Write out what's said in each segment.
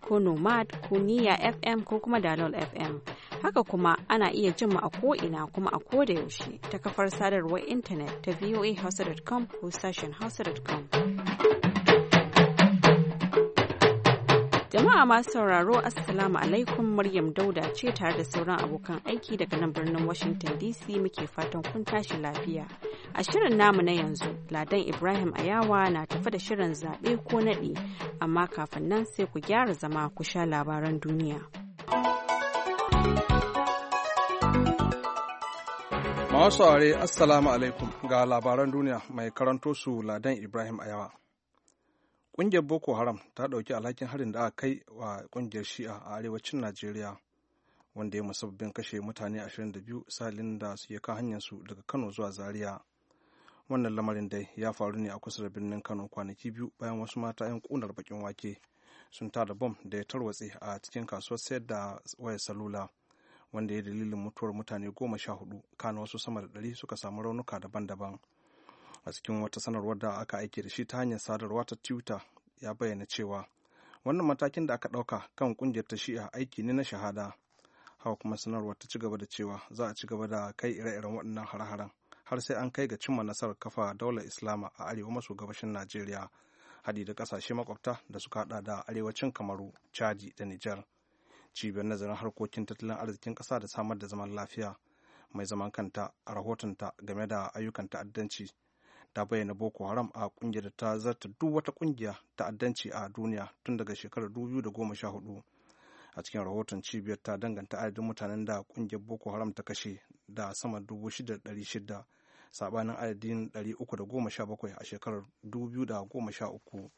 ko nomad ko niya fm ko kuma dalol fm haka kuma ana iya jin mu a ko'ina kuma a ko da yaushe ta kafar sadarwar intanet ta voahausa.com ko sashen hausa.com Jama'a masu sauraro Assalamu alaikum Maryam Dauda ce tare da sauran abokan aiki daga nan birnin Washington DC muke fatan kun tashi lafiya. A shirin namu na yanzu, Ladan Ibrahim Ayawa na tafi da shirin zaɓe ko naɗe, amma kafin nan sai ku gyara zama ku sha labaran duniya. Masu are Assalamu alaikum ga labaran duniya mai karanto su Ladan Ibrahim Ayawa. Ƙungiyar Boko Haram ta ɗauki alhakin harin da aka kai wa ƙungiyar Shi'a a arewacin Najeriya wanda ya musabbin kashe mutane 22 salin da suke kan su daga Kano zuwa Zaria. Wannan lamarin dai ya faru ne a kusa da birnin Kano kwanaki biyu bayan wasu mata 'yan kunar bakin wake sun tada bom da ya tarwatse a cikin kasuwar sayar da wayar salula wanda ya dalilin mutuwar mutane goma sha hudu kana wasu sama da ɗari suka samu raunuka daban-daban. a cikin wata sanarwar da aka aike da shi ta hanyar sadarwa ta twitter ya bayyana cewa wannan matakin da aka ɗauka kan kungiyar ta shi'a aiki ne na shahada hawa kuma sanarwa ta ci gaba da cewa za a ci gaba da kai ire-iren waɗannan hare-haren har sai an kai ga cimma nasarar kafa daular islama a arewa maso gabashin najeriya hadi da ƙasashe makwabta da suka hada da arewacin kamaru chadi da niger cibiyar nazarin harkokin tattalin arzikin ƙasa da samar da zaman lafiya mai zaman kanta a rahotonta game da ayyukan ta'addanci ta bayyana boko haram a kungiyar da ta zarta duk wata kungiya ta'addanci a duniya tun daga shekarar 2014 a cikin rahoton cibiyar ta danganta adadin mutanen da kungiyar boko haram ta kashe da sama 6,600 sabanin adadin 317 a shekarar 2013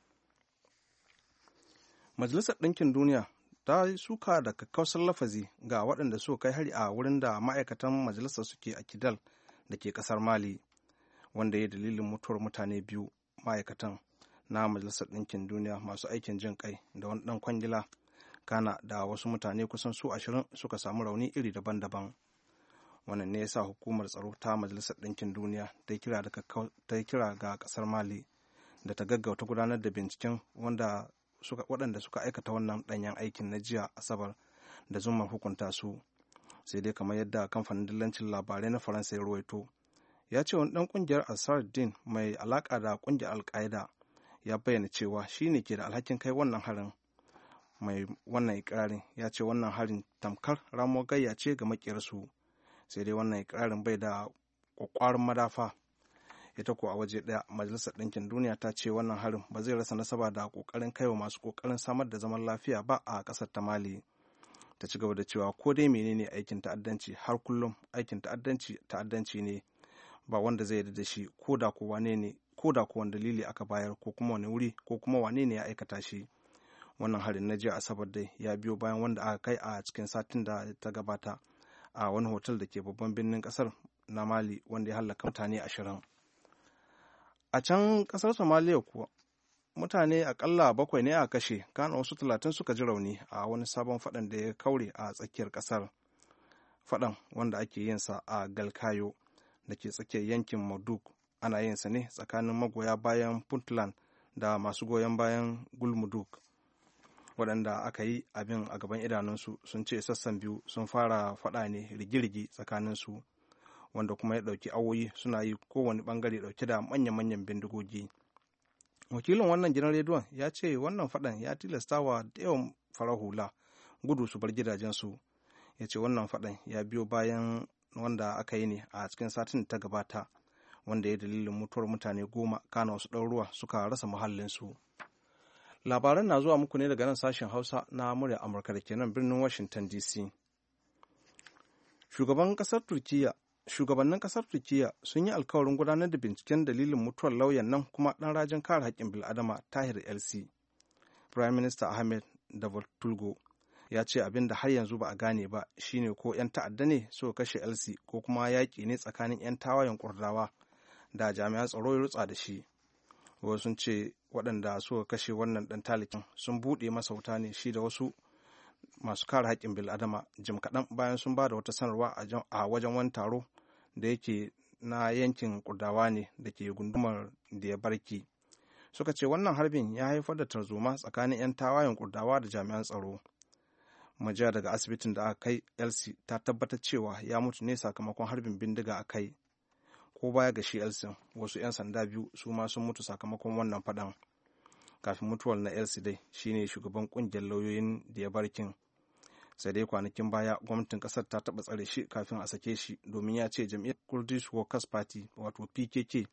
majalisar ɗinkin duniya ta suka da kakkausar lafazi ga waɗanda suka kai hari a wurin da ma'aikatan majalisar suke a kidal da ke ƙasar mali wanda ya yi dalilin mutuwar mutane biyu ma'aikatan na majalisar ɗinkin duniya masu aikin jin kai da wani ɗan kwangila kana da wasu mutane kusan su ashirin suka samu rauni iri daban-daban wannan ne yasa hukumar tsaro ta majalisar ɗinkin duniya ta yi kira ga ƙasar mali da ta gaggauta gudanar da binciken waɗanda suka aikata wannan ɗanyen aikin na jiya asabar da zumar hukunta su sai dai kamar yadda kamfanin dillancin labarai na faransa ya ruwaito ya ce wani ɗan ƙungiyar ansar din mai alaƙa da ƙungiyar alkaida ya bayyana cewa shi ne ke da alhakin kai wannan harin mai wannan ikirarin ya ce wannan harin tamkar ramuwar gayya ce ga makirsu sai dai wannan ikirarin bai da kwakwarin madafa ita ko a waje ɗaya majalisar ɗinkin duniya ta ce wannan harin ba zai rasa nasaba da ƙoƙarin kaiwa masu ƙoƙarin samar da zaman lafiya ba a ƙasar ta mali ta ci gaba da cewa ko dai menene aikin ta'addanci har kullum aikin ta'addanci ta'addanci ne ba wanda zai yarda da shi ko da ko wane ne ko da ko wanda dalili aka bayar ko kuma wani wuri ko kuma wane ne ya aikata shi wannan harin na jiya asabar dai ya biyo bayan wanda aka kai a cikin satin da ta gabata a wani hotel da ke babban birnin kasar na mali wanda ya halaka mutane ashirin a can kasar somaliya kuwa mutane akalla bakwai ne a kashe kana wasu talatin suka ji rauni a wani sabon faɗan da ya kaure a tsakiyar kasar faɗan wanda ake yin sa a galkayo da ke tsakiyar yankin Marduk ana yin sa ne tsakanin magoya bayan Puntland da masu goyon bayan Gulmuduk. Waɗanda aka yi abin a gaban idanunsu sun ce sassan biyu sun fara faɗa ne rigirgi tsakaninsu wanda kuma ya ɗauki awoyi suna yi kowane ɓangare ɗauke da manya-manyan bindigogi. Wakilin wannan gidan rediyon ya ce wannan faɗan ya tilasta wa da yawan farar hula gudu su bar gidajensu. ya ce wannan faɗan ya biyo bayan wanda aka yi ne a cikin satin da ta gabata wanda ya dalilin mutuwar mutane goma kana wasu ɗaruruwa suka rasa muhallinsu labaran na zuwa muku ne daga nan sashen hausa na murya amurka da ke nan birnin washington dc shugabannin kasar turkiya sun yi alkawarin gudanar da binciken dalilin mutuwar lauyan nan kuma ɗan rajin kare haƙƙin bil'adama tahir lc prime minister ahmed davutoglu ya ce abin da har yanzu ba a gane ba shine ko 'yan ta'adda ne so kashe lc ko kuma yaƙi ne tsakanin 'yan tawayen kurdawa da jami'an tsaro ya rutsa da shi wasu sun ce waɗanda suka kashe wannan ɗan talikin sun buɗe masa wuta ne shi da wasu masu kare haƙƙin bil'adama jim kaɗan bayan sun ba da wata sanarwa a wajen wani taro da yake na yankin kurdawa ne da ke gundumar da ya barki suka ce wannan harbin ya haifar da tarzoma tsakanin 'yan tawayen kurdawa da jami'an tsaro majiya daga asibitin da aka kai elsi ta tabbatar cewa ya mutu ne sakamakon harbin bindiga a kai ko baya ga shi elsin wasu 'yan sanda biyu su ma sun mutu sakamakon wannan faɗan kafin mutuwar na elsi dai shine shugaban kungiyar lauyoyin da ya barkin sai dai kwanakin baya gwamnatin kasar ta taɓa tsare shi kafin a sake shi domin ya ce jam'iyyar kurdish workers party wato pkk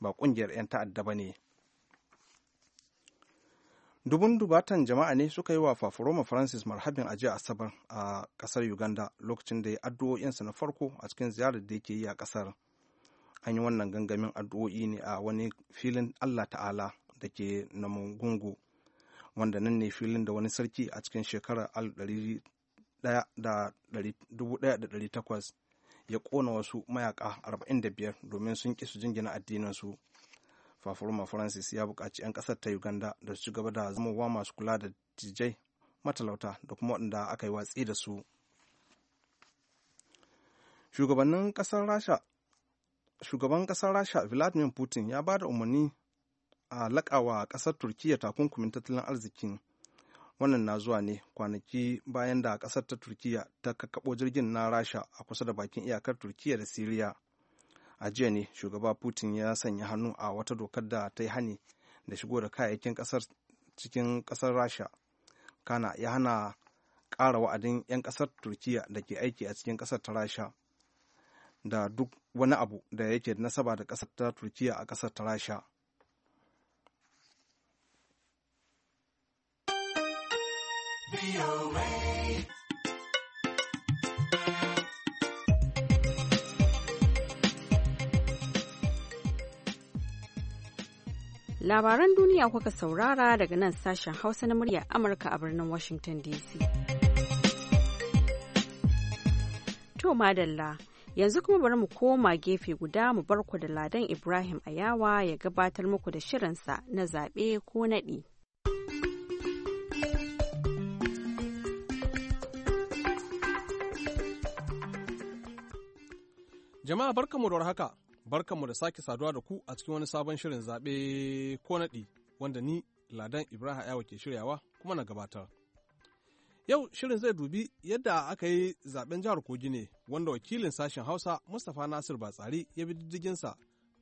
ba kungiyar 'yan ta'adda ba ne dubun dubatan jama'a ne suka yi wa fafaroma francis marhabin a jiya asabar a kasar uganda lokacin da ya addu'o'insa na farko a cikin ziyarar da yake yi a kasar an yi wannan gangamin addu'o'i ne a wani filin allah ta'ala da ke mungungu wanda nan ne filin da wani sarki a cikin shekarar 1800 ya kona wasu mayaka 45 domin sun ƙi su jingina addininsu fafaruma francis ya buƙaci 'yan ƙasar ta uganda da su gaba da zamowa masu kula da tijai matalauta da kuma waɗanda aka yi watsi da su shugaban ƙasar rasha vladimir putin ya ba da umarni a laƙawa ƙasar turkiya takunkumin tattalin arzikin wannan na zuwa ne kwanaki bayan da ƙasar ta turkiya ta kakkaɓo jirgin na rasha a kusa da bakin iyakar turkiya da siriya a jiya ne shugaba putin ya sanya hannu a wata dokar da ta yi hani da shigo da kayayyakin kasar cikin kasar rasha kana ya hana ƙara wa'adin 'yan ƙasar turkiya da ke aiki a cikin ƙasar ta rasha da duk wani abu da yake nasaba da ƙasar ta turkiya a ƙasar ta rasha Labaran duniya kuka saurara daga nan sashen Hausa na muryar Amurka a birnin Washington DC. To madalla, yanzu kuma bari mu koma gefe guda mu barku da Ladan Ibrahim Ayawa ya gabatar muku da shirinsa na zaɓe ko naɗi. Jama'a barkamu da haka barkanmu da sake saduwa da ku a cikin wani sabon shirin zaɓe ko naɗi wanda ni Ladan Ibrahim Ayawa ke shiryawa kuma na gabatar. Yau shirin zai dubi yadda aka yi zaɓen jihar Kogi ne wanda wakilin sashen Hausa Mustapha Nasir Batsari ya bi diddiginsa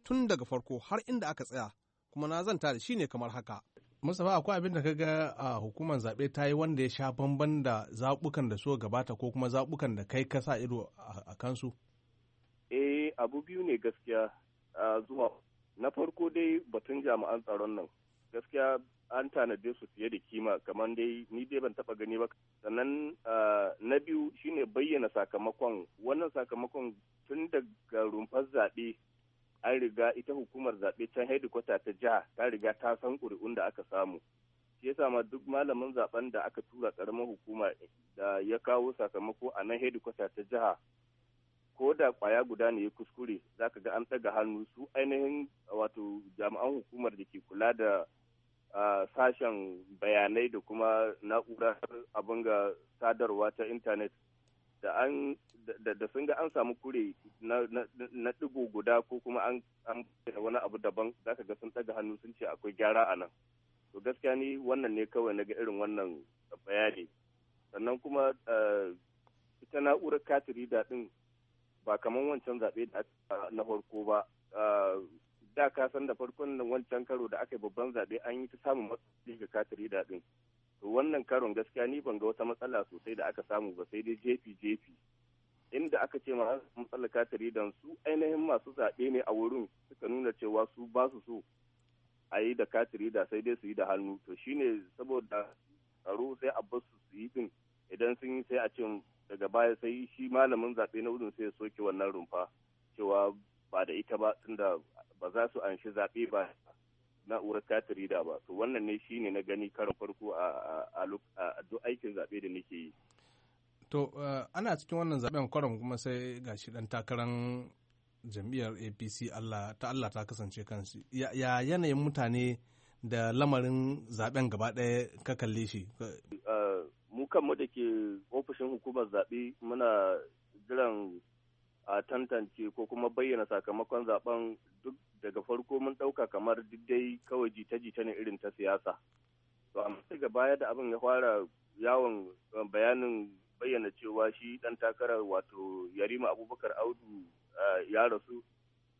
tun daga farko har inda aka tsaya kuma na zanta da shi ne kamar haka. Mustapha akwai abin da kaga a hukumar zaɓe ta yi wanda ya sha bamban da zaɓukan da so gabata ko kuma zaɓukan da kai ka sa ido a kansu? eh abu biyu ne gaskiya zuwa na farko dai batun jami'an tsaron nan gaskiya an tanade su fiye da kima kamar dai ni dai ban taba gani ba sannan na biyu shine bayyana sakamakon wannan sakamakon tun daga rumfar zaɓe an riga ita hukumar zaɓe can hedikwata ta jiha ta riga ta san ƙuri'un da aka samu shi ya sama duk malamin zaben da aka tura karamar hukuma da ya kawo sakamako a nan hedikwata ta jiha ko da kwaya guda ne ya kuskure za ka ga an taga hannu su ainihin wato jami'an hukumar da ke kula da sashen bayanai da kuma na'urar abin ga sadarwa ta intanet da an da sun ga an samu kure na digo guda ko kuma an wani abu daban za ka ga sun taga hannu sun ce akwai gyara a nan to gaskiya ni wannan ne kawai na ga irin wannan bayani sannan kuma ita na'urar katiri da din ba kamar wancan zaɓe ah, na farko ba ah, da ka san da farkon wancan karo da aka yi babban zaɓe an yi ta samun matsaloli ga katiri da to wannan karon gaskiya ni ban ga wata matsala sosai da aka samu ba sai dai jefi jefi inda aka ce ma matsala katiri dan su ainihin masu zaɓe ne a wurin suka nuna cewa su ba su so a yi da katiri da sai dai su yi da hannu to shine saboda tsaro sai a su su yi din idan sun yi sai a ce daga baya sai shi malamin zaɓe na udun sai ya soke wannan rumfa cewa ba da ita ba tunda ba za su anshi zaɓe ba na na'urar ta da ba to wannan ne shi ne na gani karin farko a duk aikin zaɓe da nake yi to eh, ana cikin wannan zaɓen kwaron kuma sai gashi dan takarar jam'iyyar apc allah ta allah ta kasance kansu ya yanayin mutane da lamarin zaɓen gaba ɗaya ka kalle shi eh, mu kanmu da ke ofishin hukumar zaɓe muna jiran a tantance ko kuma bayyana sakamakon zaben duk daga farko mun ɗauka kamar dai kawai jita-jita ne irin ta siyasa. To amma daga baya da abin ya fara yawon eh, bayanin bayyana cewa shi ɗan takarar wato Yarima Abubakar Audu eh, ya rasu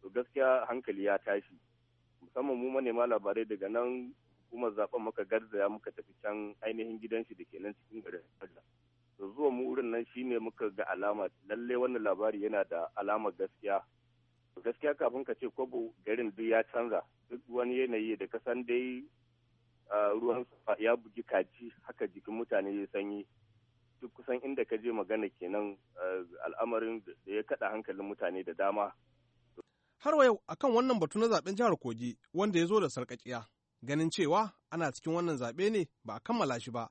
to gaskiya hankali ya tashi. Musamman mu manema labarai daga nan hukumar zaben muka garzaya muka tafi can ainihin gidan shi da ke nan cikin garin Abuja to zuwa mu wurin nan shine muka ga alama lalle wannan labari yana da alamar gaskiya gaskiya kafin ka ce kwabo garin duk ya canza duk wani yanayi da kasan dai ruwan ya bugi kaji haka jikin mutane ya sanyi duk kusan inda ka je magana kenan al'amarin da ya kada hankalin mutane da dama har wa yau akan wannan batu na zaben jihar kogi wanda ya zo da sarkakiya ganin cewa ana cikin wannan zaɓe ne ba a kammala shi ba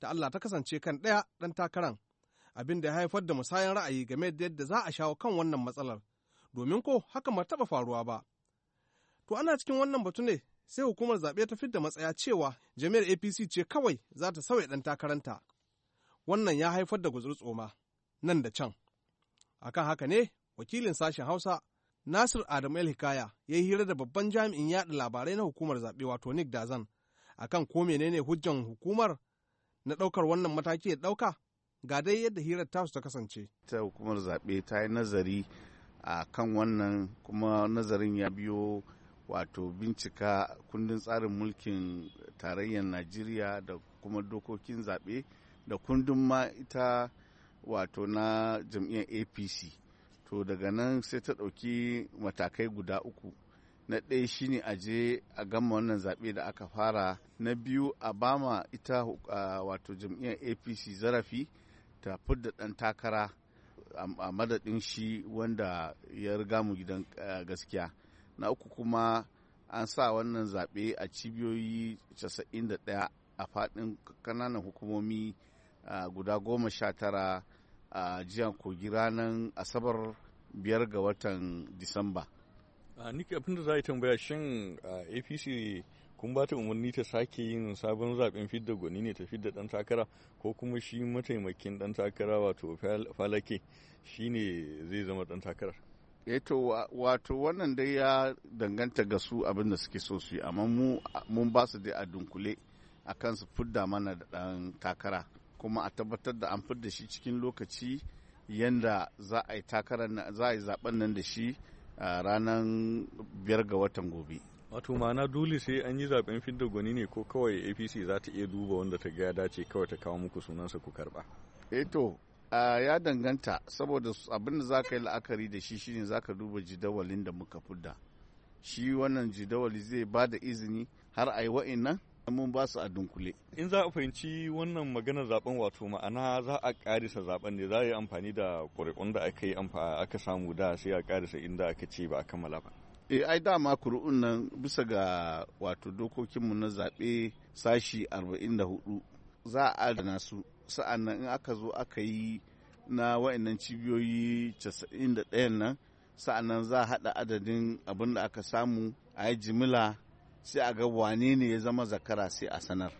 da Allah ta kasance kan ɗaya ɗan takaran abin da ya haifar da musayan ra'ayi game da yadda za a shawo kan wannan matsalar domin ko haka ba taɓa faruwa ba to ana cikin wannan batu ne sai hukumar zaɓe ta fidda matsaya cewa jami'ar apc ce kawai za ta sauya ɗan takaranta wannan ya haifar da gutsurtsoma nan da can akan haka ne wakilin sashen hausa Nasir Adamu El Hikaya ya yi hira da babban jami'in yaɗa labarai na hukumar zaɓe wato Nick Dazan a kan ko menene hujjan hukumar na ɗaukar wannan mataki ya ɗauka ga dai yadda hirar tasu ta kasance. Ta hukumar zaɓe ta yi nazari a kan wannan kuma nazarin ya biyo wato bincika kundin tsarin mulkin tarayyar Najeriya da kuma dokokin zaɓe da kundin ma ita wato na jam'iyyar APC. to daga nan sai ta ɗauki matakai guda uku na ɗaya shine a je a gama wannan zaɓe da aka fara na biyu a bama ita wato jam'iyyar apc zarafi ta fidda ɗan takara a madadin shi wanda ya riga mu gidan gaskiya na uku kuma an sa wannan zaɓe a cibiyoyi 91 a faɗin ƙananan hukumomi guda goma sha tara a jihar kogi ranar asabar biyar ga watan disamba nike abin da za a tambaya shin apc kun ba ta umarni ta sake yin sabon zaben fidda gwani ne ta fidda dan takara ko kuma shi mataimakin dan takara wato falake shi ne zai zama dan takarar eto eh wato wannan dai ya danganta ga su abin da suke so su yi amma mun ba su dai a dunkule a kan su fidda mana da dan takara kuma a tabbatar da an da shi cikin lokaci yadda za a yi takarar za a yi zaben nan da shi a ranar biyar ga watan gobe wato ma'ana dole sai an yi zaben fidda gwani ne ko kawai apc za ta iya duba wanda ta ga dace kawai ta kawo muku sunansa ku karba eto eh ya danganta saboda abin da za ka yi la'akari da shi shine za ka duba jidawalin da muka fidda shi wannan jidawali zai ba da izini har a yi wa'in nan mun ba su a dunkule. In za a fahimci wannan maganar zaben wato ma'ana za a karisa zaben ne za a yi amfani da ƙuri'un da aka yi aka samu da sai a karisa inda aka ce ba a kammala ba. E, ai dama kuri'un nan bisa ga wato dokokinmu na zaɓe sashi 44 za a adana su sa'an nan in aka zo aka yi na wa'annan cibiyoyi 91 nan sa'an nan za a haɗa adadin abin da aka samu a yi jimila sai a ga wane ne ya zama zakara sai a sanar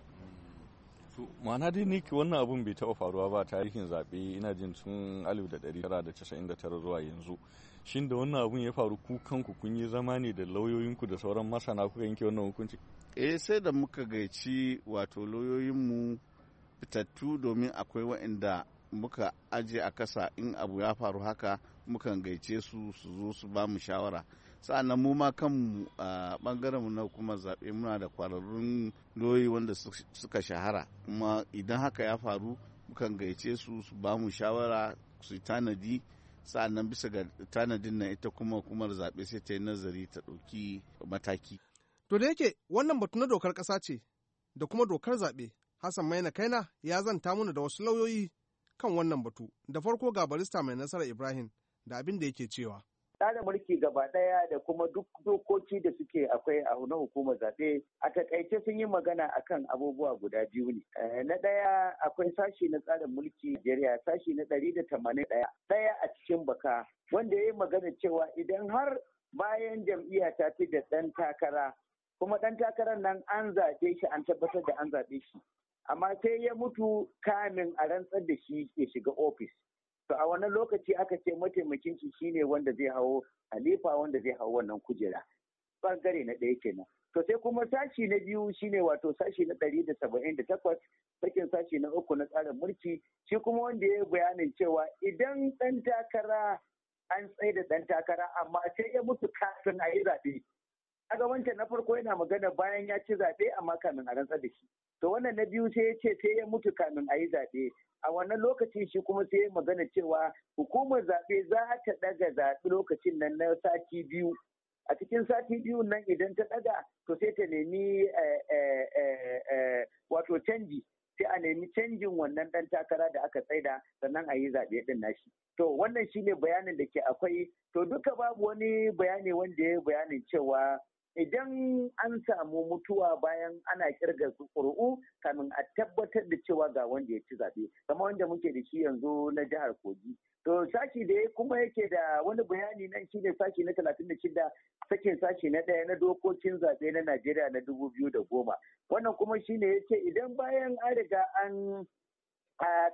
ma'ana dai ni wannan abun bai taɓa faruwa ba tarihin zaɓe ina jin tun 1999 zuwa yanzu shin da wannan abun ya faru ku kanku kun yi zama ne da lauyoyinku da sauran masana kuka yanke wannan hukunci eh sai da muka gaici wato lauyoyinmu fitattu domin akwai waɗanda muka aje a kasa in abu ya faru haka mukan gaice su su zo su ba mu shawara sa'annan mu ma kanmu a bangaren mu na kuma zaɓe muna da kwararrun loyi wanda suka shahara kuma idan haka ya faru mukan gaice su su ba mu shawara su tanadi sa'annan bisa ga tanadin nan ita kuma kumar zaɓe sai ta yi nazari ta ɗauki mataki. To da yake wannan batu na dokar ƙasa ce da kuma dokar zaɓe Hassan Maina Kaina ya zanta mana da wasu lauyoyi kan wannan batu da farko ga barista mai nasara Ibrahim da abin da yake cewa. tsara mulki gaba ɗaya da kuma duk dokoki da suke akwai a na hukumar zaɓe a takaice sun yi magana akan abubuwa guda biyu ne. Eh, na ɗaya akwai sashi na tsarin mulki jeriya sashi na ɗari da tamanin ɗaya ɗaya a cikin baka wanda ya yi magana cewa idan har bayan jam'iyya ta fi da ɗan takara kuma ɗan takarar nan an zaɓe shi an tabbatar da an zaɓe shi amma sai ya mutu kamin a rantsar da shi ya shiga ofis. to a wannan lokaci aka ce mataimakin shi shine wanda zai hawo halifa wanda zai hawo wannan kujera bangare na ɗaya kenan to sai kuma sashi na biyu shine wato sashi na ɗari da saba'in da takwas sakin sashi na uku na tsarin mulki shi kuma wanda ya bayanin cewa idan ɗan takara an tsaye da ɗan takara amma sai ya mutu kafin a yi zaɓe kaga wancan na farko yana magana bayan ya ci zaɓe amma kamin a rantsar da shi to wannan na biyu sai ya ce sai ya mutu kamin a yi zaɓe a wannan lokacin shi kuma sai ya magana cewa hukumar zaɓe za ta ɗaga zaɓe lokacin nan na sati biyu a cikin sati biyu nan idan ta ɗaga to sai ta nemi eh, eh, eh, wato canji sai a nemi canjin wannan ɗan takara da aka tsaida sannan a yi zaɓe ɗin nashi to wannan shine bayanin da ke akwai to duka babu wani bayani wanda ya yi bayanin cewa idan an samu mutuwa bayan ana kirga ƙuri'u kamin a tabbatar da cewa ga wanda ya ci zaɓe kamar wanda muke da shi yanzu na jihar kogi to sashi da kuma yake da wani bayani nan shine sashi na talatin da shida sakin sashi na ɗaya na dokokin zaɓe na najeriya na dubu biyu da goma wannan kuma shine yake idan bayan an riga an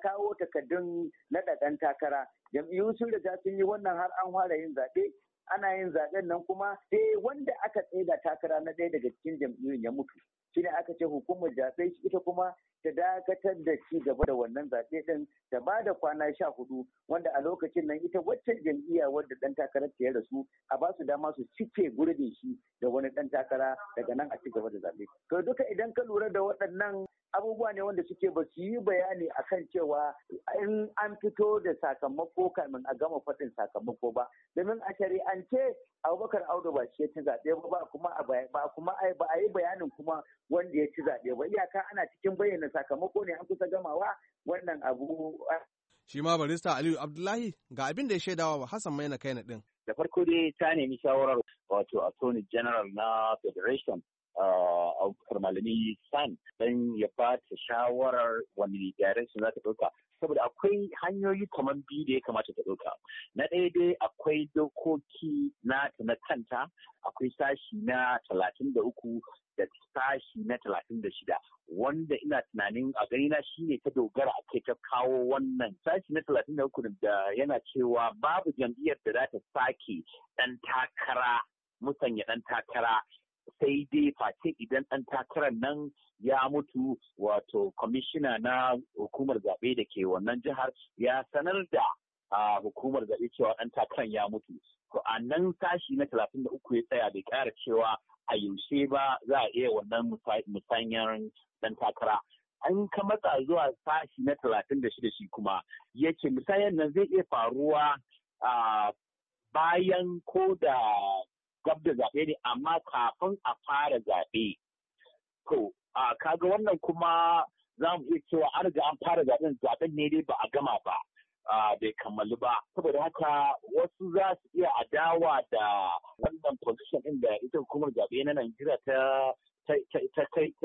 kawo takardun naɗa ɗan takara jam'iyyun sun riga sun yi wannan har an fara yin zaɓe ana yin zaɓen nan kuma sai eh, wanda aka tsaida takara na ɗaya daga cikin jam'iyyun ya mutu shine aka ce hukumar zaɓe ita kuma ta dakatar da ci gaba da wannan zaɓe ɗin ta ba da kwana sha hudu wanda a lokacin nan ita waccan jam'iyya wadda ɗan takarar ta ya rasu a ba su dama su cike gurbin shi da wani ɗan takara daga nan a ci gaba da zaɓe. To duka idan ka lura da waɗannan abubuwa ne wanda suke ba su yi bayani akan cewa in an fito da sakamako kamin a gama faɗin sakamako ba domin a shari'ance abubakar audu ba shi ya ci zaɓe ba kuma a yi bayanin kuma wanda ya ci zaɓe ba iyaka ana cikin bayyana da sakamako ne an kusa gamawa wannan abu shi ma barista Aliyu Abdullahi ga abin da ya shaidawa wa Hassan Maina Kaina din da farko dai ta nemi shawarar wato attorney general na federation abubakar uh, malami san dan ya ba ta shawarar wani direction za ta ɗauka saboda akwai hanyoyi kamar biyu da ya kamata ta ɗauka na ɗaya dai akwai dokoki na na kanta akwai sashi na talatin da uku da sashi na talatin da shida wanda ina tunanin a gani na ne ta dogara a kai ta kawo wannan sashi na talatin da uku da yana cewa babu jam'iyyar da za ta sake ɗan takara musanya ɗan takara sai dai face idan ɗan takarar nan ya mutu wato kwamishina na hukumar zaɓe da ke wannan jihar ya sanar da hukumar zaɓe cewa ɗan takarar ya mutu. To a nan sashi na talatin da uku ya tsaya bai ƙara cewa a yaushe ba za a iya wannan musanyar ɗan takara. An ka matsa zuwa sashi na talatin da shida shi kuma ya ce musayar nan zai iya faruwa bayan ko da gab da zaɓe ne amma kafin a fara zaɓe to a kaga wannan kuma za mu iya cewa an riga an fara zaɓen zaɓen ne dai ba a gama ba bai kammalu ba saboda haka wasu za su iya adawa da wannan position ɗin da ita hukumar zaɓe na Najeriya ta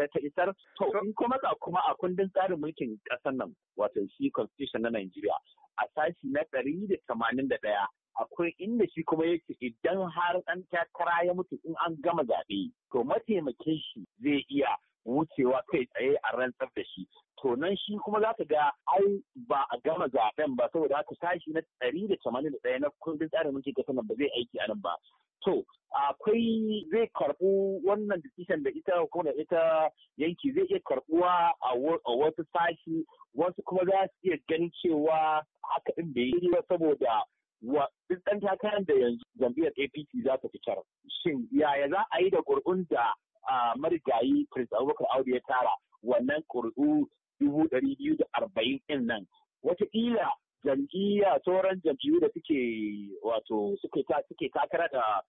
ta isar to in kuma za kuma a kundin tsarin mulkin ƙasar nan wato shi constitution na Najeriya a sashi na ɗari da tamanin da ɗaya akwai inda shi kuma yake idan har ɗan takara ya mutu in an gama zaɓe to mataimakin shi zai iya wucewa kai tsaye a rantsar da shi to nan shi kuma za ka ga ai ba a gama zaɓen ba saboda haka sashi na ɗari da tamanin da ɗaya na kundin tsarin mulki kasar nan ba zai aiki a nan ba to akwai zai karɓu wannan decision da ita hukumar ita yanki zai iya karɓuwa a wasu sashi wasu kuma za su iya ganin cewa haka ɗin bai yi saboda wa duk ɗan takarar da yanzu jam'iyyar APC za ta fitar. Shin yaya za a yi da ƙuri'un da marigayi Prince Abubakar Audu ya tara wannan ƙuri'u dubu ɗari biyu da arba'in ɗin nan. Wataƙila jam'iyya sauran jam'iyyu da suke wato suke takara da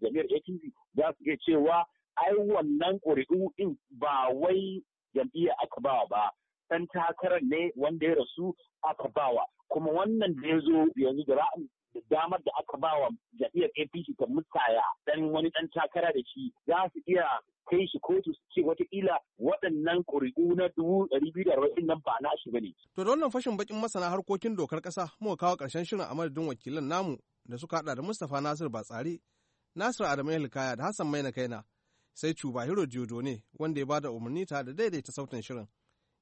jam'iyyar APC za su iya cewa ai wannan ƙuri'u ɗin ba wai jam'iyya aka bawa ba ɗan takarar ne wanda ya rasu aka bawa kuma wannan da ya zo yanzu da ra'ayin da damar da aka ba wa jam'iyyar APC ta mutaya dan wani dan takara da shi za su iya kai shi kotu su ce ila waɗannan ƙuri'u na dubu ɗari biyu da arba'in nan ba na shi ne. To da wannan fashin bakin masana harkokin dokar ƙasa muka kawo ƙarshen shirin a madadin wakilan namu da suka haɗa da Mustapha Nasir Batsari, Nasir Adamu Hilkaya da Hassan Maina Kaina. Sai Cuba Hiro Diodo ne wanda ya bada umarni ta da daidaita sautin shirin.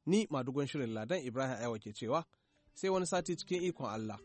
Ni madugon shirin Ladan Ibrahim ayawa ke cewa sai wani sati cikin ikon Allah.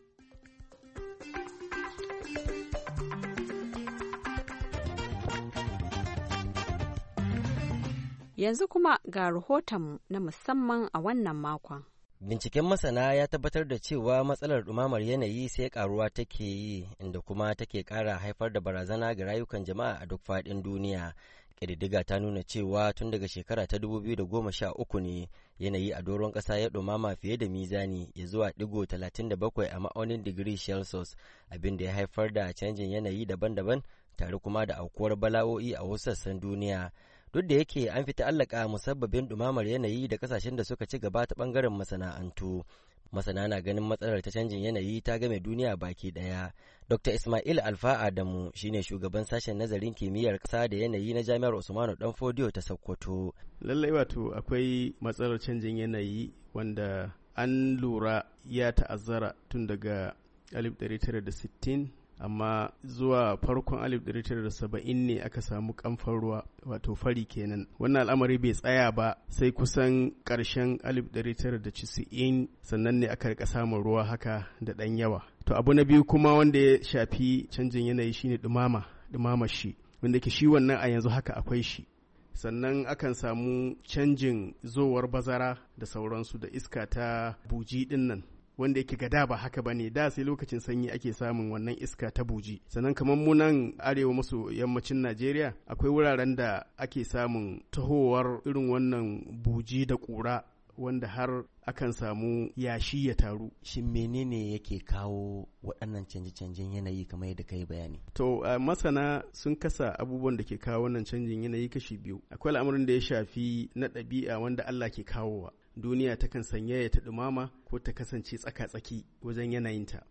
Yanzu kuma ga rahoton na musamman a wannan makon. Binciken masana ya tabbatar da cewa matsalar ɗumamar yanayi sai ƙaruwa take yi inda kuma take ƙara haifar da barazana ga rayukan jama'a a duk faɗin duniya. Ƙididdiga ta nuna cewa tun daga shekara ta 2013 ne yanayi a doron kasa ya dumama fiye da mizani ya zuwa digo 37 a ma'aunin digiri celsius abinda ya haifar da canjin yanayi daban-daban tare kuma da aukuwar bala'o'i a wasu sassan duniya duk da yake an fi allaka musabbabin dumamar yanayi da kasashen da suka ci gaba ta bangaren masana'antu masana na ganin matsalar ta canjin yanayi ta game duniya baki daya dr ismail alfa adamu shine shugaban sashen nazarin kimiyyar ƙasa da yanayi na jami'ar usmanu danfodiyo ta sokoto lallai wato akwai matsalar canjin yanayi wanda an lura ya ta'azzara tun daga 1960 amma zuwa farkon 1970 ne aka samu kamfan ruwa wato fari kenan wannan al'amari bai tsaya ba sai kusan ƙarshen 1990 sannan ne aka rika samun ruwa haka da ɗan yawa to abu na biyu kuma wanda ya shafi canjin yanayi shine dumama dumama shi wanda ke shi wannan a yanzu haka akwai shi sannan akan samu canjin zowar bazara da sauransu da iska ta buji dinnan wanda yake gada ba haka ba bane da sai lokacin sanyi ake samun wannan iska ta buji sannan kamar mu nan arewa maso yammacin Najeriya akwai wuraren da ake samun tahowar irin wannan buji da ƙura wanda har akan samu yashi ya taru. Shin menene yake kawo waɗannan canje-canjen yanayi kamar yadda kai bayani? To masana sun kasa abubuwan da ke kawo wannan canjin yanayi kashi biyu. Akwai al'amarin da ya shafi na ɗabi'a wanda Allah ke kawowa. duniya takan sanyaya ta dumama ko ta kasance tsaka-tsaki wajen yanayinta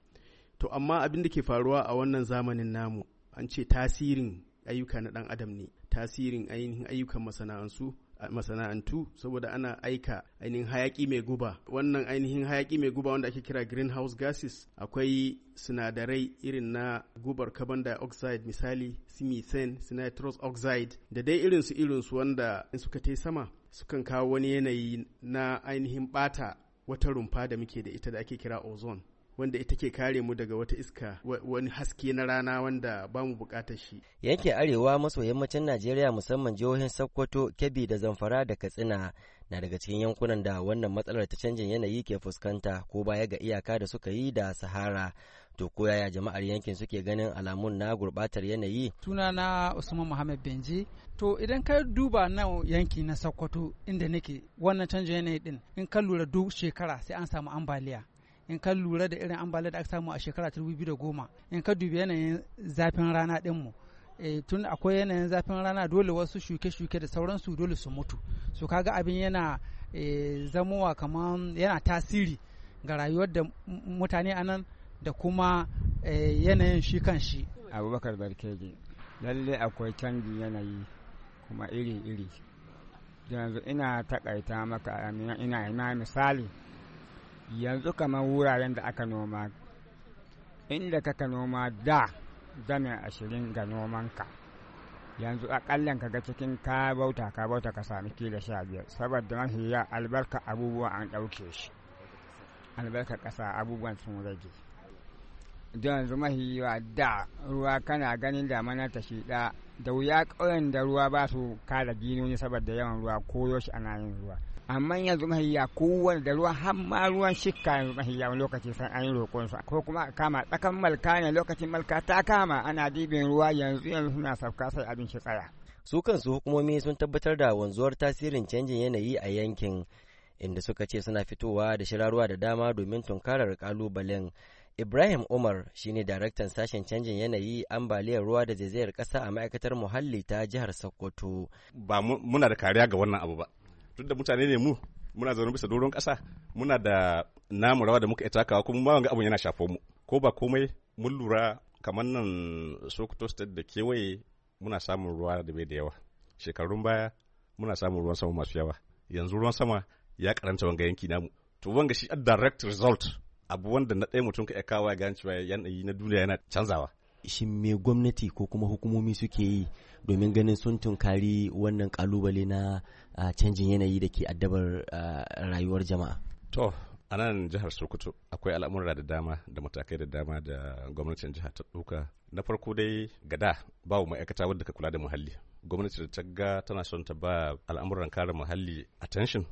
to amma abin da ke faruwa a wannan zamanin namu an ce tasirin ayyuka na ɗan adam ne tasirin ainihin ayyukan masana'antu masana'antu saboda ana aika ainihin hayaki mai guba wannan ainihin hayaki mai guba wanda ake kira greenhouse gases akwai sinadarai irin na gubar carbon dioxide misali simisen methane oxide da dai irinsu irinsu wanda in suka tai sama sukan kawo wani yanayi na ainihin bata wata rumfa da muke da ita da ake kira ozone wanda ita ke kare mu daga wata iska wani haske na rana wanda ba mu bukatar shi. Yanke arewa maso yammacin Najeriya musamman jihohin Sokoto, Kebbi da Zamfara da Katsina na daga cikin yankunan da wannan matsalar ta canjin yanayi ke fuskanta ko baya ga iyaka da suka yi da Sahara. To ko yaya jama'ar yankin suke ganin alamun na gurbatar yanayi? na Usman Muhammad Benji. To idan ka duba na yanki na Sokoto inda nake wannan canjin yanayi din in ka lura duk shekara sai an samu ambaliya. in ka lura da irin ambaliyar da aka samu a shekara ta da goma in ka dubi yanayin zafin rana mu eh, tun akwai yanayin zafin rana dole wasu shuke-shuke da sauransu dole su mutu su kaga abin yana eh, zamowa kamar yana tasiri ga rayuwar da mutane a nan da kuma eh, yanayin shi kan shi abubakar barkeji lalle akwai canjin yanayi kuma iri-iri yanzu ina takaita maka ina misali yanzu kamar wuraren da aka noma inda kaka noma da zane ashirin ga nomanka yanzu akallan ka ga cikin ka bauta ka bauta ka sami kila sha biyar saboda ya albarka abubuwan an ɗauke shi albarka ƙasa abubuwan sun rage don yanzu mahiwa da ruwa kana ganin da mana ta shi da wuya ƙauyen da ruwa ba su kada ginoni saboda yawan ruwa ko yoshi ana yin ruwa amma yanzu mahiya kowane da ruwa har ma ruwan shikka yanzu mahiya wani lokaci san an yi roƙonsa ko kuma a kama tsakan malka ne lokacin malka ta kama ana dibin ruwa yanzu yanzu suna sauka sai abin tsaya. su kansu hukumomi sun tabbatar da wanzuwar tasirin canjin yanayi a yankin inda suka ce suna fitowa da shirarwa da dama domin tunkarar kalubalen ibrahim umar shine daraktan sashen canjin yanayi ambaliyar ruwa da zaizayar kasa a ma'aikatar muhalli ta jihar sokoto ba muna da kariya ga wannan abu ba tunda mutane ne mu muna zaune bisa doron kasa muna da namu rawa da muka yi takawa kuma ma wanga abun yana shafo mu ko ba komai mun lura kamar nan Sokoto state da kewaye muna samun ruwa da bai da yawa shekarun baya muna samun ruwan sama masu yawa yanzu ruwan sama ya karanta wanga yanki namu to wanga shi a direct result abu wanda na ɗaya mutum ka iya kawo ya gane cewa yanayi na duniya yana canzawa shin me gwamnati ko kuma hukumomi suke yi domin ganin sun tunkari wannan kalubale na canjin yanayi da ke addabar rayuwar jama'a to a nan jihar sokoto akwai al'amura da dama da matakai da dama da gwamnatin jihar ta ɗauka na farko dai gada babu ma'aikata wadda ka kula da muhalli gwamnati da ta ga tana son ta ba al'amuran kare muhalli attention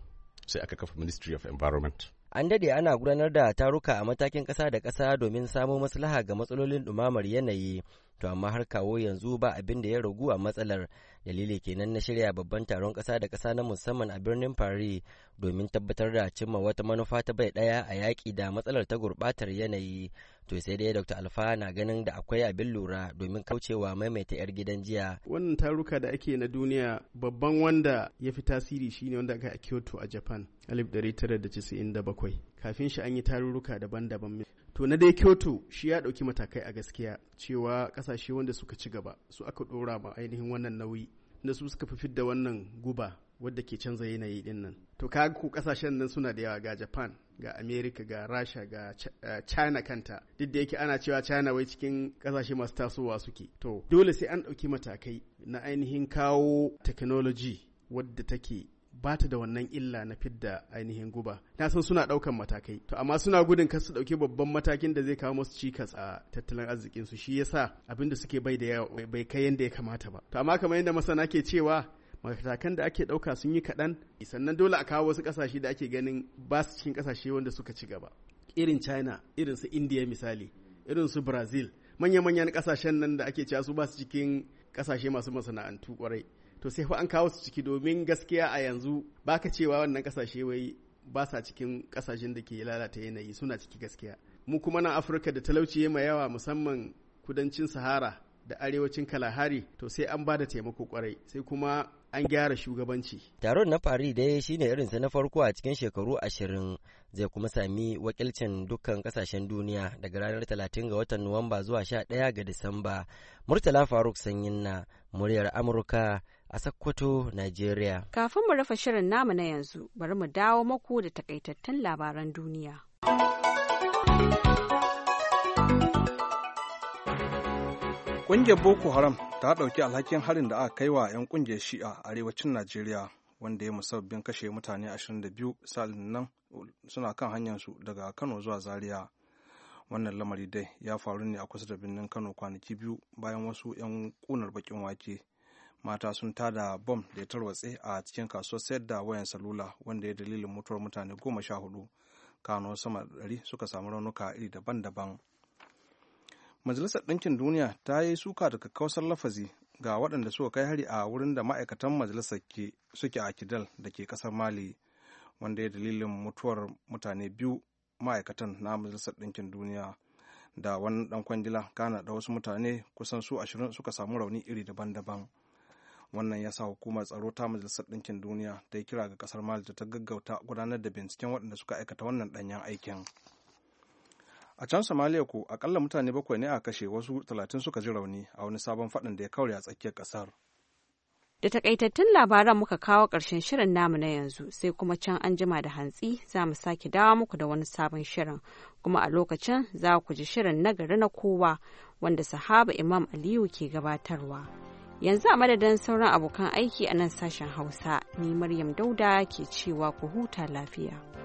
sai aka kafa ministry of environment An dade ana gudanar da taruka a matakin ƙasa da ƙasa domin samo maslaha ga matsalolin dumamar yanayi. to amma har kawo yanzu ba abin da ya ragu a matsalar dalili kenan na shirya babban taron ƙasa da ƙasa na musamman a birnin paris domin tabbatar da cimma wata manufa ta bai ɗaya a yaƙi da matsalar ta gurɓatar yanayi to sai dai dr alfa na ganin da akwai abin lura domin kaucewa maimaita yar gidan jiya wannan taruka da ake na duniya babban wanda ya fi tasiri shine wanda aka a kyoto a japan 1997 kafin shi an yi tarurruka daban-daban to na dai kyoto shi ya ɗauki matakai a gaskiya cewa ƙasashe wanda suka ci gaba su aka ɗora ma ainihin wannan nauyi da su suka fi fidda wannan guba wadda ke canza yanayi dinnan to kaga ko kasashen nan suna da yawa ga japan ga america ga rasha ga uh, china kanta duk da yake ana cewa china wai cikin kasashe masu tasowa suke to dole sai an ɗauki matakai na ainihin kawo technology wadda take ba ta da wannan illa na fidda ainihin guba na san suna daukan matakai to amma suna gudun kar su ɗauki babban matakin da zai kawo masu cikas a tattalin arzikin su shi yasa abin da suke bai da yawa bai kai yanda ya kamata ba to amma kamar yadda masana ke cewa matakan da ake ɗauka sun yi kaɗan sannan dole a kawo wasu ƙasashe da ake ganin ba su cikin ƙasashe wanda suka ci gaba irin china irin su india misali irin su brazil manya-manyan ƙasashen nan da ake cewa su ba su cikin ƙasashe masu masana'antu kwarai to sai fa an kawo su ciki domin gaskiya a yanzu baka cewa wannan ƙasashe wai ba sa cikin ƙasashen da ke lalata yanayi suna ciki gaskiya mu kuma na afirka da talauci mai yawa musamman kudancin sahara da arewacin kalahari to sai an ba da taimako kwarai sai kuma an gyara shugabanci. Taron na fari dai shine irin irinsa na farko a cikin shekaru ashirin zai kuma sami wakilcin dukkan kasashen duniya daga ranar talatin ga watan Nuwamba zuwa sha ɗaya ga Disamba. Murtala Faruk Sanyin na muryar Amurka a Sokoto, Najeriya. Kafin mu rufe shirin namu na yanzu, bari mu dawo maku da takaitattun labaran duniya. Ƙungiyar Boko Haram ta ɗauki alhakin harin da aka kai wa 'yan ƙungiyar Shi'a a arewacin Najeriya wanda ya musabbin kashe mutane 22 sa'ilin nan suna kan hanyarsu daga Kano zuwa Zaria. Wannan lamari dai ya faru ne a kusa da birnin Kano kwanaki biyu bayan wasu 'yan kunar bakin wake. Mata sun tada bom da ya tarwatse a cikin kasuwar sayar da wayan salula wanda ya dalilin mutuwar mutane goma sha hudu. Kano sama ɗari suka samu raunuka iri daban-daban. majalisar ɗinkin duniya ta yi suka da kakkausar lafazi ga waɗanda suka kai hari a wurin da ma'aikatan majalisar suke a kidal da ke ƙasar mali wanda ya dalilin mutuwar mutane biyu ma'aikatan na majalisar ɗinkin duniya da wani ɗan kwangila kana da wasu mutane kusan su ashirin suka samu rauni iri daban-daban wannan ya sa hukumar tsaro ta majalisar ɗinkin duniya ta yi kira ga ƙasar mali ta gaggauta gudanar da binciken waɗanda suka aikata wannan ɗanyen aikin. a can somalia ko akalla mutane bakwai ne a kashe wasu talatin suka ji rauni a wani sabon faɗin da ya kauri a tsakiyar ƙasar da takaitattun labaran muka kawo ƙarshen shirin namu na yanzu sai kuma can an jima da hantsi za mu sake dawo muku da wani sabon shirin kuma a lokacin za ku ji shirin na gari na kowa wanda sahaba imam aliyu ke gabatarwa yanzu a madadin sauran abokan aiki a nan sashen hausa ni maryam dauda ke cewa ku huta lafiya.